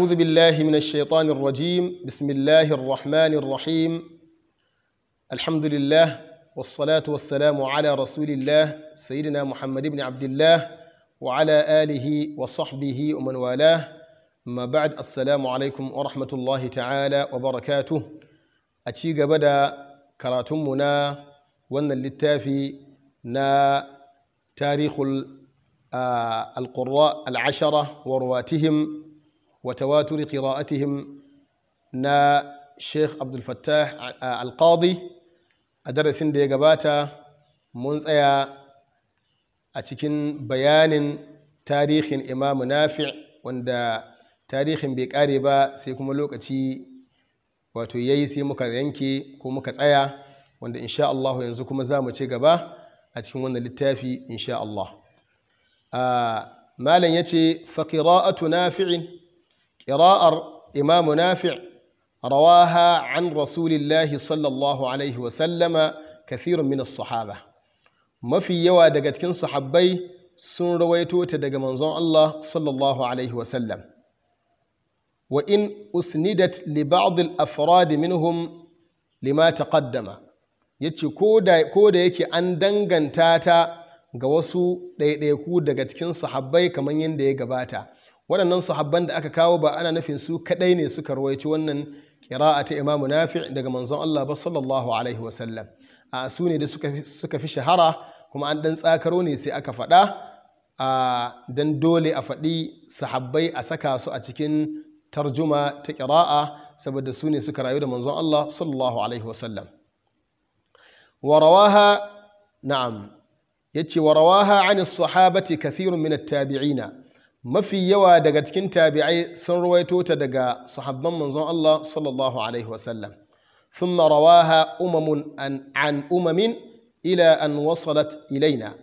أعوذ بالله من الشيطان الرجيم بسم الله الرحمن الرحيم الحمد لله والصلاة والسلام على رسول الله سيدنا محمد بن عبد الله وعلى آله وصحبه ومن والاه ما بعد السلام عليكم ورحمة الله تعالى وبركاته أتيق بدا كراتمنا وأن للتافي نا تاريخ آه، القراء العشرة ورواتهم wa tawatur qira'atihim na Sheikh Abdul Fattah Al-Qadi a darasin da ya gabata mun tsaya a cikin bayanin tarihin Imam wanda tarihin bai kare ba sai kuma lokaci wato yayi sai muka yanke ko muka tsaya wanda insha yanzu kuma za mu ci gaba a cikin wannan littafi insha Allah malam yace fa qira'atu nafi'in ƙira'ar imamu nafi' rawaha an rasulillahi sallallahu alaihi wasallama kathirun min sahaba mafi yawa daga cikin sahabbai sun rawaito ta daga manzon Allah sallallahu alaihi wasallam wa in usnidat li ba'd al afrad minhum lima taqaddama yace ko da ko da yake an danganta ta ga wasu ɗaiɗaiku daga cikin sahabbai kamar yadda ya gabata waɗannan sahabban da aka kawo ba ana nufin su kaɗai ne suka rawaici wannan ƙira'a ta imamu nafi daga manzon Allah ba sallallahu alaihi wasallam a su ne da suka fi shahara kuma an ɗan tsakaro ne sai aka faɗa Dan dole a faɗi sahabbai a saka su a cikin tarjuma ta ƙira'a saboda su ne suka rayu da manzon Allah sallallahu alaihi wasallam warawaha na'am yace warawaha an sahabati kathirun min tabiina mafi yawa daga cikin tabi'ai sun ruwaito ta daga sahabban manzon Allah sallallahu alaihi wasallam thumma rawaha umamun an, an umamin ila an wasalat ilaina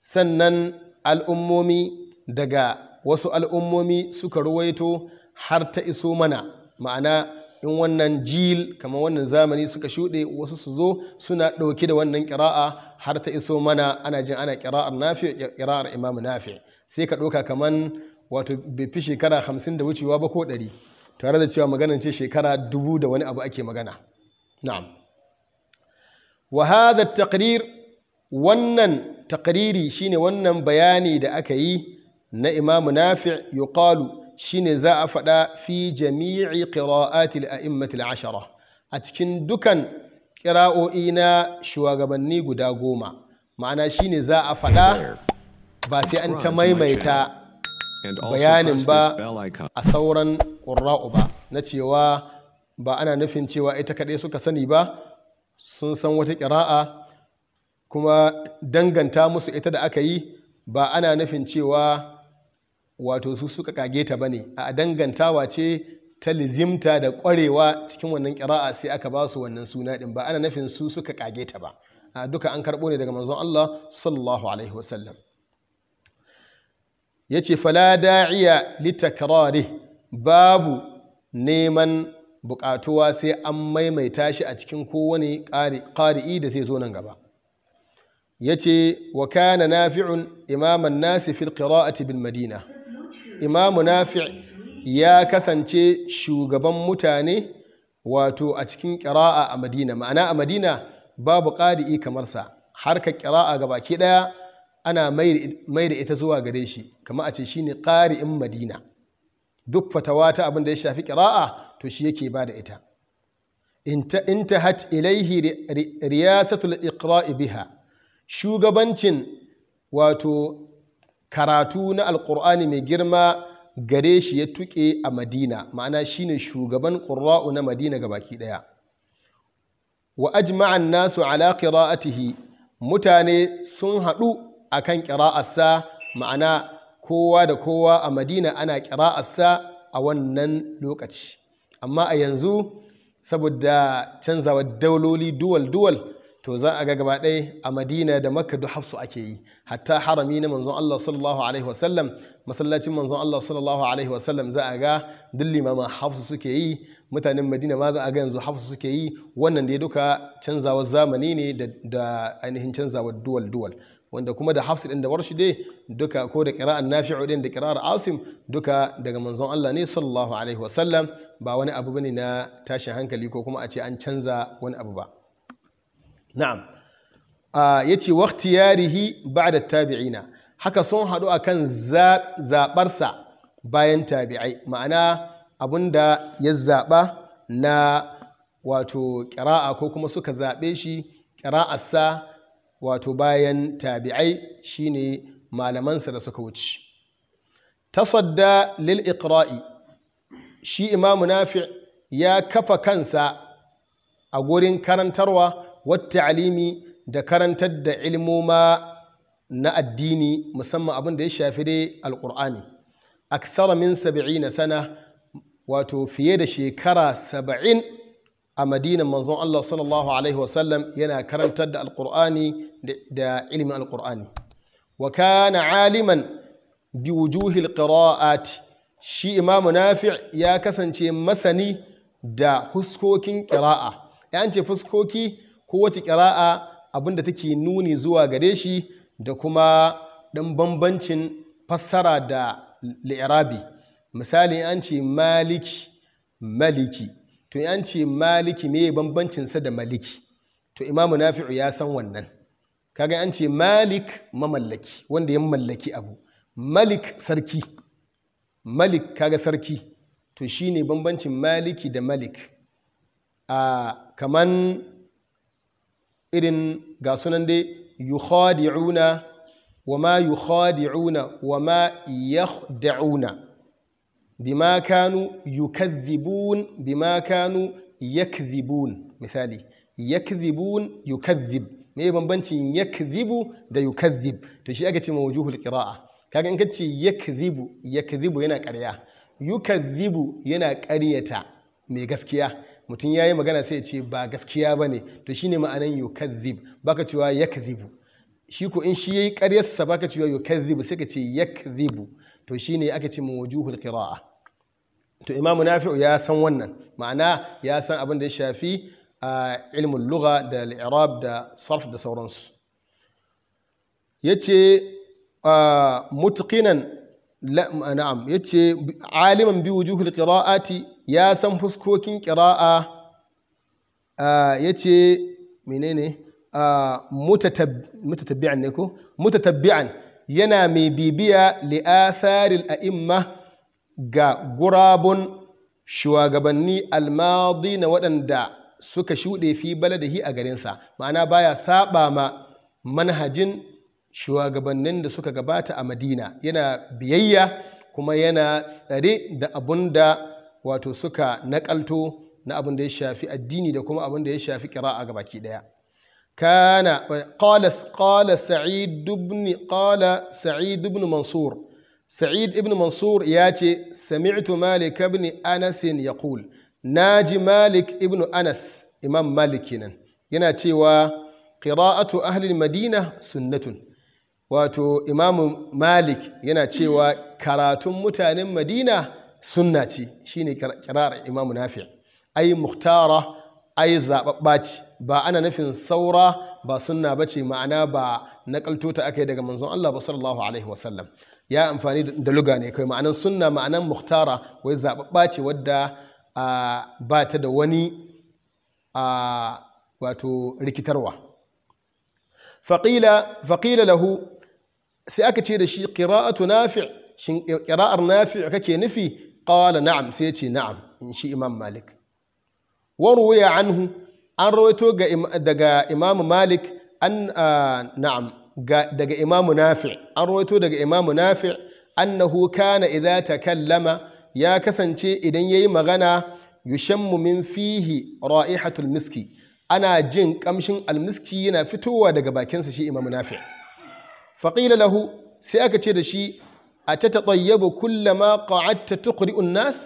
sannan al'ummomi daga wasu al'ummomi suka ruwaito har ta iso mana ma'ana in wannan jil kamar wannan zamani suka shuɗe wasu su zo suna ɗauke da wannan ƙira'a har ta iso mana ana jin ana ƙira'ar nafi ƙira'ar imam nafi sai ka ɗauka kamar wato bai fi shekara hamsin da wucewa ba ko ɗari tare da cewa maganan ce shekara dubu da wani abu ake magana na'am wa hadha taqrir wannan taqriri shine wannan bayani da aka yi na imam nafi yuqalu shine za a faɗa fi jami'i qira'atil a'immatil ashara a cikin dukan ƙira'o'i na shugabanni guda goma ma'ana shine za a faɗa ba sai an ta maimaita bayanin ba a sauran ƙura'u ba na cewa ba ana nufin cewa ita kaɗai suka sani ba sun san wata ƙira'a kuma danganta musu ita da aka yi ba ana nufin cewa wato su suka kage ta bane a dangantawa ce ta lizimta da kwarewa cikin wannan kira'a sai aka ba su wannan suna din ba ana nufin su suka kage ta ba a duka an karbo ne daga manzon Allah sallallahu alaihi wasallam yace fala da'iya litakrari babu neman bukatuwa sai an maimaita shi a cikin kowane ƙari'i da zai zo nan gaba yace wa kana nafi'un imaman nasi fil qira'ati bil madina imamu nafi ya kasance shugaban mutane wato a cikin ƙira'a a madina ma'ana a madina babu ƙadi'i kamar sa harkar ƙira'a ga baki ɗaya ana mai da ita zuwa gare shi kamar a ce shine ƙari'in madina duk fatawa ta abin da ya shafi kira'a to shi yake ba da ita hat ilaihi riyasatul iqra'i biha shugabancin wato karatu na Alƙur'ani mai girma gare shi ya tuƙe a madina ma'ana shine shugaban ƙurra'u na madina ga baki ɗaya wa ajma'an nasu ala qira'atihi mutane sun haɗu akan ƙira'arsa ma'ana kowa da kowa a madina ana ƙira'arsa a wannan lokaci amma a yanzu saboda canzawa dauloli duwal-duwal to za a ga gaba ɗaya a madina da makka duk hafsu ake yi hatta harami na manzon Allah sallallahu alaihi wasallam masallacin manzon Allah sallallahu alaihi wasallam za a ga duk limaman hafsu suke yi mutanen madina ma za a ga yanzu hafsu suke yi wannan dai duka canzawar zamani ne da ainihin canzawar duwal duwal wanda kuma da hafsu din da warshi dai duka ko da qira'an nafi'u din da qira'ar asim duka daga manzon Allah ne sallallahu alaihi wasallam ba wani abu bane na tashin hankali ko kuma a ce an canza wani abu ba na'am ah, ya ce ba'da tabi'ina haka sun haɗu akan zaɓarsa bayan tabi'ai ma'ana da ya zaɓa na wato ƙira'a ko kuma suka zaɓe shi ƙira'arsa wato bayan tabi'ai shine malamansa da suka wuce tasadda lil iqra'i shi imamu nafi' ya kafa kansa a gurin karantarwa wata'alimi da karantar da ilmoma na addini musamman abin da ya shafi dai alƙur'ani akthara min na sana wato fiye da shekara saba'in a madinan manzon Allah sallallahu alaihi wasallam yana karantar da alƙur'ani da ilmin alƙur'ani wa kana aliman bi wujuhil qira'ati shi imamu nafi' ya kasance masani da huskokin ƙira'a ya ce fuskoki kowace kira'a abin da take nuni zuwa gare shi da kuma ɗan bambancin fassara da li'arabi. misali an ce maliki maliki to an ce maliki me bambancinsa da maliki to imamu nafi'u ya san wannan kaga an ce malik mamallaki wanda ya mallaki abu malik sarki malik kaga sarki to shine bambancin maliki da malik a ah, kaman irin ga sunan dai yukhadi'una wa ma yukhadi'una wa ma yakhda'una bima kanu yukadhibun bima kanu yakdhibun misali yakdhibun yukadhib me bambancin yakdhibu da yukadhib to shi aka ce wujuhul qira'a kaga in kace yakdhibu yakdhibu yana ƙarya yukadhibu yana ƙaryata mai gaskiya mutum ya yi magana sai ya ce ba gaskiya ba ne to shine ma'anan yukadhib baka cewa zibu shi ko in shi ya yi karyarsa baka cewa zibu sai ka ce zibu to shine aka ce mu wajuhul to imamu nafi'u ya san wannan ma'ana ya san abin da ya shafi a ilmin lugha da al'irab da sarf da sauransu ce mutuƙinan na'am ce aliman bi wujuhul qira'ati ya san fuskokin ƙira'a ya ce menene mutatabbi'an ne ko mutatabbi'an yana mai bibiya li'atharil a'imma ga gurabun shugabanni almadi na waɗanda suka shuɗe fi baladahi a garinsa ma'ana baya saba ma manhajin shugabannin da suka gabata a madina yana biyayya kuma yana tsare da abun da wato suka naƙalto na abin da ya shafi addini da kuma abin da ya shafi ƙira'a ga baki ɗaya kana qala sa'id ibn qala sa'id ibn mansur sa'id ibn mansur ya ce sami'tu malik ibn anas yaqul naji malik ibn anas imam malik kenan yana cewa qira'atu ahli madina sunnatun wato imam malik yana cewa karatun mutanen madina sunna ce shine kirar imamu nafi ai muhtara ai zababba ce ba ana nufin saura ba sunna ba ce ma'ana ba nakalto ta aka yi daga manzon Allah ba sallallahu alaihi wasallam ya amfani da luga ne kai ma'anan sunna ma'anan muhtara wai zababba ce wadda ba ta da wani wato rikitarwa faƙila lahu sai aka ce da shi ƙira'atu nafi' shin ƙira'ar nafi' kake nufi Ƙawala na'am sai ce na'am in shi imam malik wa an anhu an rawaito daga imam malik an na'am daga imam nafi' an rawaito daga imam nafi' annahu kana ta kallama ya kasance idan ya yi magana yushammu min fihi ra'ihatul miski ana jin kamshin almiski yana fitowa daga bakinsa shi imam nafi' faƙila lahu sai aka ce da shi a ta taɓayyabu kullama qa'adta tuqri'un nas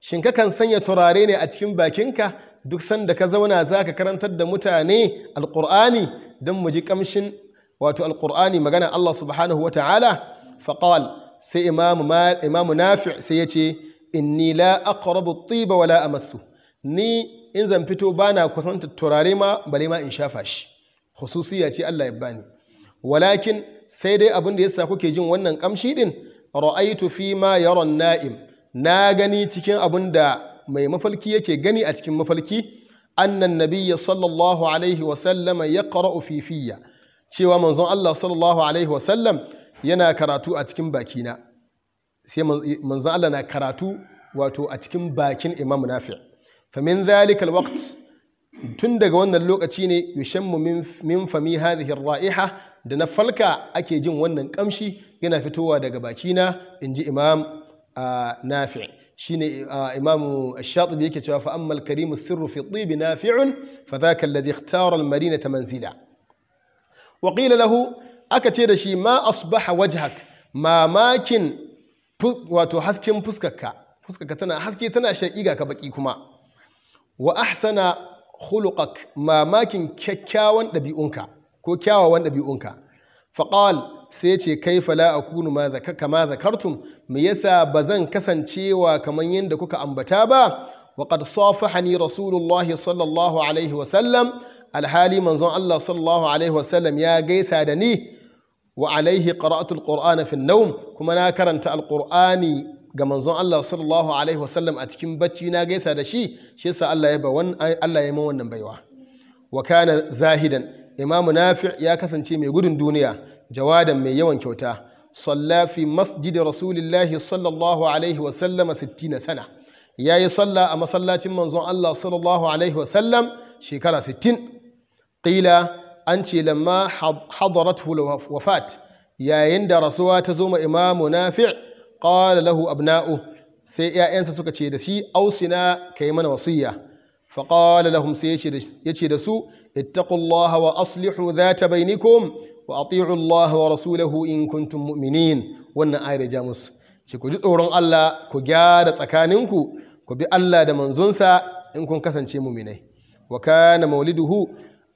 shin kakan sanya turare ne a cikin bakinka duk sanda ka zauna za ka karantar da mutane alƙur'ani don mu ji ƙamshin wato alƙur'ani magana Allah subhanahu wa ta'ala faƙal sai imamu nafi sai ya ce inni la aqrabu tiba wala amassu ni in zan fito bana kusanta turare ma bare ma in shafa shi Kususiya ce Allah ya bani walakin sai dai abin da yasa kuke jin wannan ƙamshi din ra'aitu fi ma yaron na'im na gani cikin abin da mai mafalki yake gani a cikin mafalki annan nabiyya sallallahu alaihi wa sallama ya qara'u fifiyya cewa manzon Allah sallallahu alaihi wa sallam yana karatu a cikin bakina sai manzon Allah na karatu wato a cikin bakin imam nafi' fa min dhalika alwaqt tun daga wannan lokaci ne yushammu min fami hadhihi ra'iha da na falka ake jin wannan kamshi yana fitowa daga bakina inji imam nafi shine imam ash-shatibi yake cewa fa ammal karimu sirru fi tibi nafi'un fa dhaka alladhi ikhtara al-madinata manzila wa qila lahu aka ce da shi ma asbaha wajhak mamakin wato hasken fuskarka fuskarka tana haske tana shaƙi ga ka baki kuma wa ahsana khuluqak mamakin kyakkyawan ɗabi'unka ko kyawawan ɗabi'unka faƙal sai ce kai fala a kunu kama zakartum me yasa ba zan kasancewa kamar yadda kuka ambata ba wa qad safahani rasulullahi sallallahu alaihi wasallam alhali manzon Allah sallallahu alaihi wasallam ya gaisa da ni wa alaihi qara'atul qur'ana fi nawm kuma na karanta alqur'ani ga manzon Allah sallallahu alaihi wasallam a cikin bacci na gaisa da shi shi yasa Allah ya ba Allah ya wannan baiwa wa kana zahidan Imam nafi' ya kasance mai gudun duniya jawadan mai yawan kyauta salla fi masjid rasulillahi sallallahu alaihi wasallam 60 sana yayi salla a masallacin manzon Allah sallallahu alaihi wasallam shekara 60 qila an ce lamma hadarathu wafat yayin da rasuwa ta zo ma imam nafi' qala lahu abna'u sai 'ya'yansa suka ce da shi ausina kai mana wasiya fa qala lahum sai yace da su ittaqullaha wa aslihu dhata bainakum wa ati'u Allah wa rasulahu in kuntum mu'minin wannan ayar ja musu ce ku ji tsoron Allah ku gyara tsakaninku ku bi Allah da manzonsa in kun kasance mu'minai wa kana mauliduhu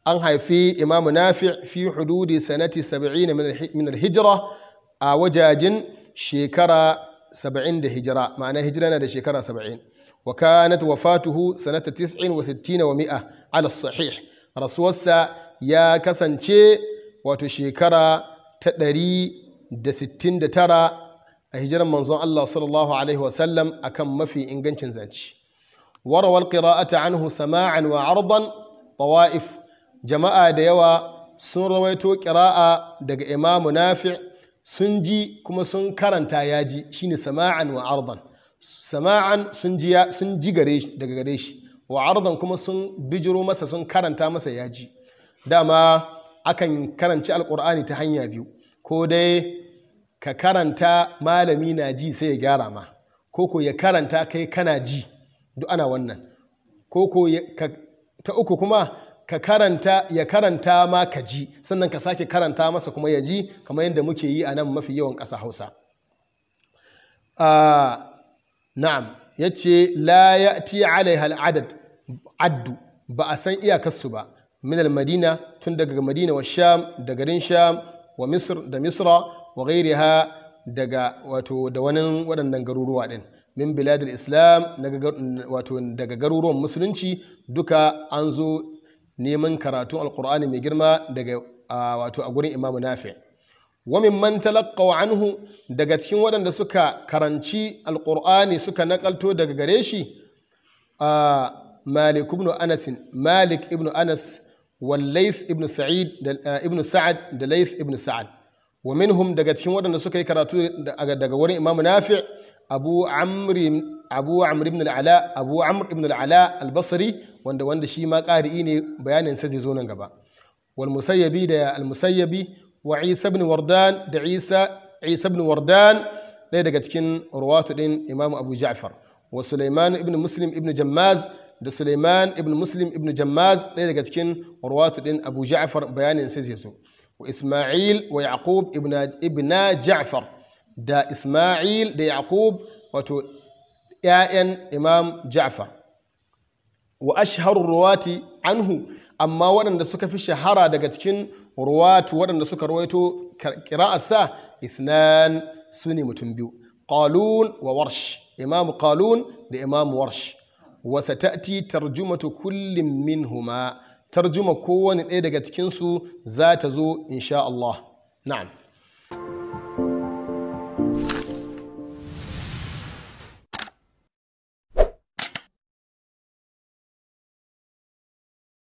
an haifi imamu nafi' fi hududi sanati 70 min al-hijra a wajajin shekara saba'in da hijira ma'ana hijira na da shekara saba'in wa kanat wafatuhu sanata tis'in wa sittina wa mi'a ala sahih rasuwarsa ya kasance wato shekara ta ɗari da sittin da tara a hijirar manzon Allah sallallahu alaihi wasallam akan mafi ingancin zaci warawar alqira'ata anhu sama'an wa arban tawa'if jama'a da yawa sun rawaito ƙira'a daga imamu nafi' sun ji kuma sun karanta ya ji shine sama'an wa arban sama'an sun ji sun ji daga gare shi wa arban kuma sun bijiro masa sun karanta masa ya ji dama akan karanci Alƙur'ani ta hanya biyu ko dai ka karanta malami na ji sai ya gyara ma ko ko ya karanta kai kana ji duk ana wannan ko ko ta uku kuma ka karanta ya karanta ma ka ji sannan ka sake karanta masa kuma ya ji kamar yadda muke yi a nan mafi yawan ƙasa hausa na'am ya ce la ya ti alaiha adad addu ba a san iyakarsu ba minal madina tun daga madina wa sham da garin sham wa misr da misra wa ha daga wato da wani waɗannan garuruwa ɗin min biladul islam daga garuruwan musulunci duka an zo neman karatun alkur'ani mai girma daga wato a gurin imamu nafi wa mimman wa anhu daga cikin waɗanda suka karanci alkur'ani suka nakalto daga gare shi malik ibn anas malik ibn anas wal ibn sa'id ibn sa'ad da layth ibn sa'ad wa minhum daga cikin waɗanda suka yi karatu daga wurin imamu nafi abu amri abu amr ibn al'ala abu amr ibn al'ala al-basri wanda wanda shi ma qari'i ne bayanin sa zai zo nan gaba wal musayyabi da al musayyabi wa isa ibn wardan da isa isa ibn wardan ɗaya daga cikin ruwatu din imam abu ja'far wa sulaiman ibn muslim ibn jammaz da sulaiman ibn muslim ibn jammaz ɗaya daga cikin ruwatu din abu ja'far bayanin sa zai zo wa isma'il wa yaqub ibn ibn ja'far da isma'il da yaqub wato 'ya'yan imam ja'far wa ashharu ruwati anhu amma waɗanda suka fi shahara daga cikin ruwatu waɗanda suka rawaito kira'arsa ithnan su ne mutum biyu qalun wa warsh imam qalun da imam warsh wa sata'ti tarjumatu kullum minhuma tarjuma kowane ɗaya daga cikinsu za ta zo insha Allah na'am